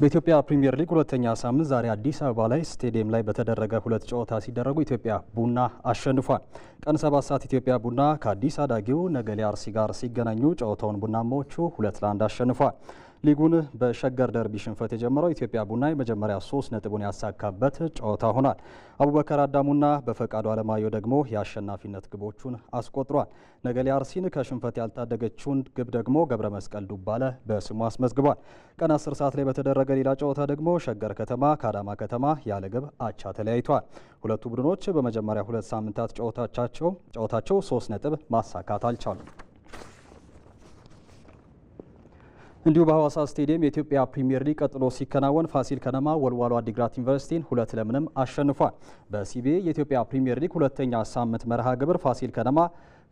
በኢትዮጵያ ፕሪምየር ሊግ ሁለተኛ ሳምንት ዛሬ አዲስ አበባ ላይ ስቴዲየም ላይ በተደረገ ሁለት ጨዋታ ሲደረጉ ኢትዮጵያ ቡና አሸንፏል። ቀን ሰባት ሰዓት ኢትዮጵያ ቡና ከአዲስ አዳጊው ነገሌ አርሲ ጋር ሲገናኙ ጨዋታውን ቡናማዎቹ ሁለት ለአንድ አሸንፏል። ሊጉን በሸገር ደርቢ ሽንፈት የጀመረው ኢትዮጵያ ቡና የመጀመሪያ ሶስት ነጥቡን ያሳካበት ጨዋታ ሆኗል። አቡበከር አዳሙና በፈቃዱ አለማየሁ ደግሞ የአሸናፊነት ግቦቹን አስቆጥሯል። ነገሌ አርሲን ከሽንፈት ያልታደገችውን ግብ ደግሞ ገብረ መስቀል ዱባለ በስሙ አስመዝግቧል። ቀን 10 ሰዓት ላይ በተደረገ ሌላ ጨዋታ ደግሞ ሸገር ከተማ ከአዳማ ከተማ ያለ ግብ አቻ ተለያይቷል። ሁለቱ ቡድኖች በመጀመሪያ ሁለት ሳምንታት ጨዋታቸው ሶስት ነጥብ ማሳካት አልቻሉም። እንዲሁ በሐዋሳ ስቴዲየም የኢትዮጵያ ፕሪምየር ሊግ ቀጥሎ ሲከናወን ፋሲል ከነማ ወልዋሎ አዲግራት ዩኒቨርሲቲን ሁለት ለምንም አሸንፏል። በሲቢኤ የኢትዮጵያ ፕሪምየር ሊግ ሁለተኛ ሳምንት መርሃ ግብር ፋሲል ከነማ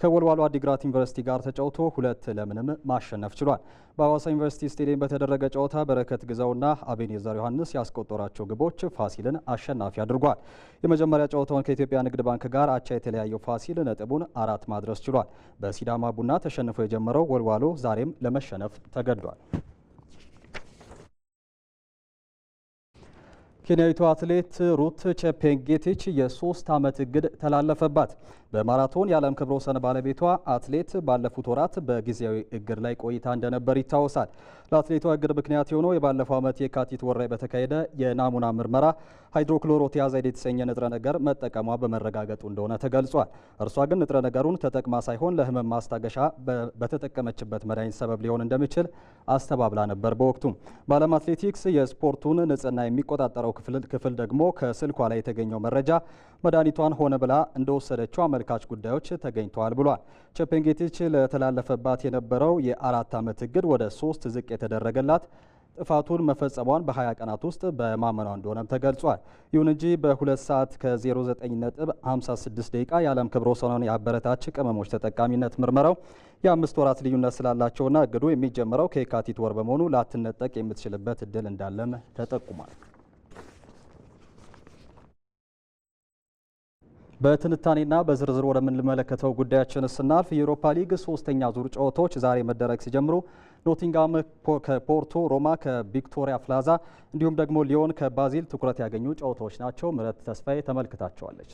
ከወልዋሎ አዲግራት ዩኒቨርሲቲ ጋር ተጫውቶ ሁለት ለምንም ማሸነፍ ችሏል። በአዋሳ ዩኒቨርሲቲ ስቴዲየም በተደረገ ጨዋታ በረከት ግዛውና አቤኔዘር ዮሐንስ ያስቆጠሯቸው ግቦች ፋሲልን አሸናፊ አድርጓል። የመጀመሪያ ጨዋታውን ከኢትዮጵያ ንግድ ባንክ ጋር አቻ የተለያየው ፋሲል ነጥቡን አራት ማድረስ ችሏል። በሲዳማ ቡና ተሸንፎ የጀመረው ወልዋሎ ዛሬም ለመሸነፍ ተገዷል። ኬንያዊቱ አትሌት ሩት ቼፔንጌቲች የሶስት ዓመት እግድ ተላለፈባት። በማራቶን የዓለም ክብረ ወሰን ባለቤቷ አትሌት ባለፉት ወራት በጊዜያዊ እግድ ላይ ቆይታ እንደነበር ይታወሳል። ለአትሌቷ እግድ ምክንያት የሆነው የባለፈው ዓመት የካቲት ወር ላይ በተካሄደ የናሙና ምርመራ ሃይድሮክሎሮቲያዛይድ የተሰኘ ንጥረ ነገር መጠቀሟ በመረጋገጡ እንደሆነ ተገልጿል። እርሷ ግን ንጥረ ነገሩን ተጠቅማ ሳይሆን ለህመም ማስታገሻ በተጠቀመችበት መድኃኒት ሰበብ ሊሆን እንደሚችል አስተባብላ ነበር። በወቅቱም በዓለም አትሌቲክስ የስፖርቱን ንጽህና የሚቆጣጠረው ክፍል ደግሞ ከስልኳ ላይ የተገኘው መረጃ መድኃኒቷን ሆነ ብላ እንደወሰደችው አመልካች ጉዳዮች ተገኝተዋል ብሏል። ቼፔንጌቲች ለተላለፈባት የነበረው የአራት ዓመት እግድ ወደ ሶስት ዝቅ የተደረገላት ጥፋቱን መፈጸሟን በ20 ቀናት ውስጥ በማመኗ እንደሆነም ተገልጿል። ይሁን እንጂ በ2 ሰዓት ከ09 ነጥብ 56 ደቂቃ የዓለም ክብረ ወሰኗን የአበረታች ቅመሞች ተጠቃሚነት ምርመራው የአምስት ወራት ልዩነት ስላላቸውና እግዱ የሚጀምረው ከየካቲት ወር በመሆኑ ላትነጠቅ የምትችልበት እድል እንዳለም ተጠቁሟል። በትንታኔና በዝርዝር ወደምንመለከተው ጉዳያችን ስናልፍ የዩሮፓ ሊግ ሶስተኛ ዙር ጨዋታዎች ዛሬ መደረግ ሲጀምሩ ኖቲንጋም ከፖርቶ፣ ሮማ ከቪክቶሪያ ፕላዛ እንዲሁም ደግሞ ሊዮን ከባዚል ትኩረት ያገኙ ጨዋታዎች ናቸው። ምረት ተስፋዬ ተመልክታቸዋለች።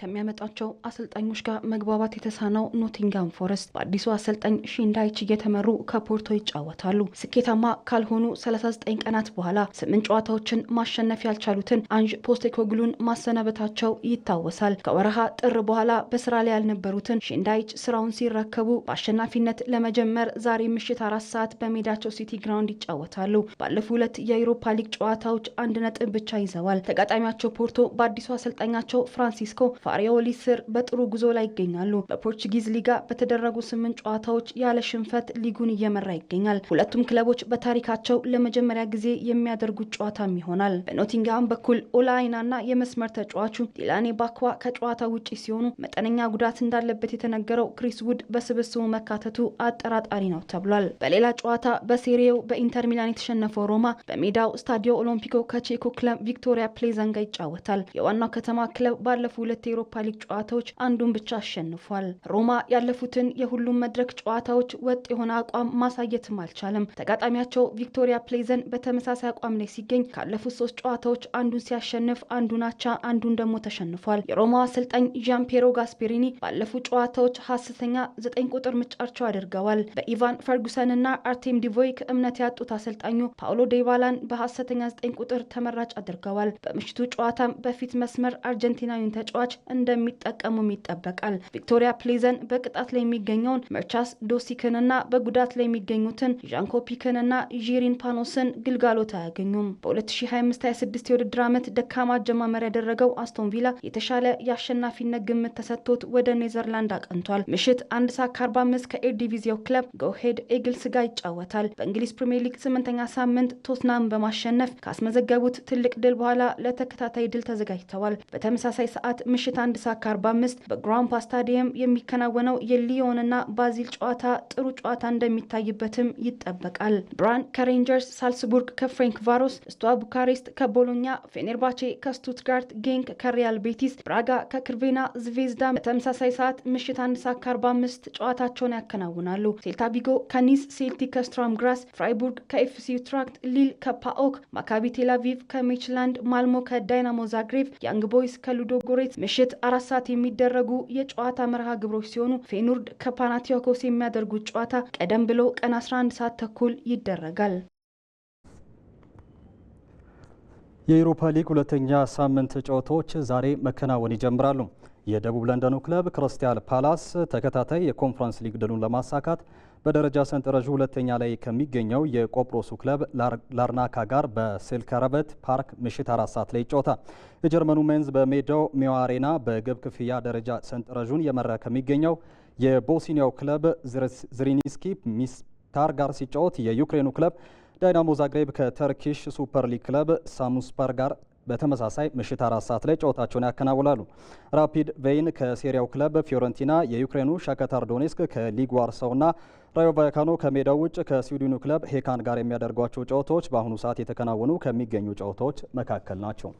ከሚያመጣቸው አሰልጣኞች ጋር መግባባት የተሳነው ኖቲንጋም ፎረስት በአዲሱ አሰልጣኝ ሺንዳይች እየተመሩ ከፖርቶ ይጫወታሉ። ስኬታማ ካልሆኑ 39 ቀናት በኋላ ስምንት ጨዋታዎችን ማሸነፍ ያልቻሉትን አንጅ ፖስቴኮግሉን ማሰናበታቸው ይታወሳል። ከወረሃ ጥር በኋላ በስራ ላይ ያልነበሩትን ሺንዳይች ስራውን ሲረከቡ በአሸናፊነት ለመጀመር ዛሬ ምሽት አራት ሰዓት በሜዳቸው ሲቲ ግራውንድ ይጫወታሉ። ባለፉ ሁለት የአውሮፓ ሊግ ጨዋታዎች አንድ ነጥብ ብቻ ይዘዋል። ተጋጣሚያቸው ፖርቶ በአዲሱ አሰልጣኛቸው ፍራንሲስኮ ፋሪዮሊ ስር በጥሩ ጉዞ ላይ ይገኛሉ። በፖርቹጊዝ ሊጋ በተደረጉ ስምንት ጨዋታዎች ያለ ሽንፈት ሊጉን እየመራ ይገኛል። ሁለቱም ክለቦች በታሪካቸው ለመጀመሪያ ጊዜ የሚያደርጉት ጨዋታም ይሆናል። በኖቲንግሃም በኩል ኦላይናና የመስመር ተጫዋቹ ዲላኔ ባኳ ከጨዋታ ውጪ ሲሆኑ መጠነኛ ጉዳት እንዳለበት የተነገረው ክሪስ ውድ በስብስቡ መካተቱ አጠራጣሪ ነው ተብሏል። በሌላ ጨዋታ በሴሪው በኢንተር ሚላን የተሸነፈው ሮማ በሜዳው ስታዲዮ ኦሎምፒኮ ከቼኮ ክለብ ቪክቶሪያ ፕሌዘንጋ ይጫወታል። የዋናው ከተማ ክለብ ባለፉ ሁለት የዩሮፓ ሊግ ጨዋታዎች አንዱን ብቻ አሸንፏል። ሮማ ያለፉትን የሁሉም መድረክ ጨዋታዎች ወጥ የሆነ አቋም ማሳየትም አልቻለም። ተጋጣሚያቸው ቪክቶሪያ ፕሌዘን በተመሳሳይ አቋም ላይ ሲገኝ ካለፉት ሶስት ጨዋታዎች አንዱን ሲያሸንፍ፣ አንዱን አቻ፣ አንዱን ደግሞ ተሸንፏል። የሮማ አሰልጣኝ ዣምፔሮ ጋስፔሪኒ ባለፉት ጨዋታዎች ሀሰተኛ ዘጠኝ ቁጥር ምርጫቸው አድርገዋል። በኢቫን ፈርጉሰን እና አርቴም ዲቮይክ እምነት ያጡት አሰልጣኙ ፓውሎ ዴባላን በሀሰተኛ ዘጠኝ ቁጥር ተመራጭ አድርገዋል። በምሽቱ ጨዋታም በፊት መስመር አርጀንቲናዊን ተጫዋች እንደሚጠቀሙም ይጠበቃል። ቪክቶሪያ ፕሌዘን በቅጣት ላይ የሚገኘውን መርቻስ ዶሲክንና በጉዳት ላይ የሚገኙትን ዣንኮፒክንና ዢሪን ፓኖስን ግልጋሎት አያገኙም። በ2025/26 የውድድር ዓመት ደካማ አጀማመር ያደረገው አስቶን ቪላ የተሻለ የአሸናፊነት ግምት ተሰጥቶት ወደ ኔዘርላንድ አቀንቷል። ምሽት አንድ ሰዓት ከ45 ከኤርዲቪዚው ክለብ ጎሄድ ኤግልስ ጋር ይጫወታል። በእንግሊዝ ፕሪምየር ሊግ ስምንተኛ ሳምንት ቶትናም በማሸነፍ ካስመዘገቡት ትልቅ ድል በኋላ ለተከታታይ ድል ተዘጋጅተዋል። በተመሳሳይ ሰዓት ምሽት ምሽት አንድ ሰዓት ከ45 በግራምፓ ስታዲየም የሚከናወነው የሊዮንና ባዚል ጨዋታ ጥሩ ጨዋታ እንደሚታይበትም ይጠበቃል። ብራን ከሬንጀርስ፣ ሳልስቡርግ ከፍሬንክ ቫሮስ፣ ስቷ ቡካሬስት ከቦሎኛ፣ ፌኔርባቼ ከስቱትጋርት፣ ጌንክ ከሪያል ቤቲስ፣ ብራጋ ከክርቬና ዝቬዝዳ በተመሳሳይ ሰዓት ምሽት አንድ ሰዓት ከ አምስት ጨዋታቸውን ያከናውናሉ። ሴልታ ቪጎ ከኒስ፣ ሴልቲክ ከስትራም ግራስ፣ ፍራይቡርግ ከኤፍሲ ዩትራክት፣ ሊል ከፓኦክ፣ ማካቢ ቴላቪቭ ከሜችላንድ፣ ማልሞ ከዳይናሞ ዛግሬቭ፣ ያንግ ቦይስ ከሉዶ ጎሬት ምሽት ምሽት አራት ሰዓት የሚደረጉ የጨዋታ መርሃ ግብሮች ሲሆኑ ፌኑርድ ከፓናቲያኮስ የሚያደርጉት ጨዋታ ቀደም ብሎ ቀን 11 ሰዓት ተኩል ይደረጋል። የዩሮፓ ሊግ ሁለተኛ ሳምንት ጨዋታዎች ዛሬ መከናወን ይጀምራሉ። የደቡብ ለንደኑ ክለብ ክሪስታል ፓላስ ተከታታይ የኮንፈረንስ ሊግ ድሉን ለማሳካት በደረጃ ሰንጠረዥ ሁለተኛ ላይ ከሚገኘው የቆጵሮሱ ክለብ ላርናካ ጋር በሴልከረበት ፓርክ ምሽት አራት ሰዓት ላይ ይጫወታል። የጀርመኑ ሜንዝ በሜዳው ሚዋ አሬና በግብ ክፍያ ደረጃ ሰንጠረዥን የመራ ከሚገኘው የቦስኒያው ክለብ ዝሪኒስኪ ሚስታር ጋር ሲጫወት የዩክሬኑ ክለብ ዳይናሞ ዛግሬብ ከተርኪሽ ሱፐር ሊግ ክለብ ሳሙስፓር ጋር በተመሳሳይ ምሽት አራት ሰዓት ላይ ጨዋታቸውን ያከናውላሉ። ራፒድ ቬይን ከሴሪያው ክለብ ፊዮረንቲና፣ የዩክሬኑ ሻከታር ዶኔስክ ከሊግ ና ራዮ ቫይካኖ ከሜዳው ውጭ ከስዊድኑ ክለብ ሄካን ጋር የሚያደርጓቸው ጨዋታዎች በአሁኑ ሰዓት የተከናወኑ ከሚገኙ ጨዋታዎች መካከል ናቸው።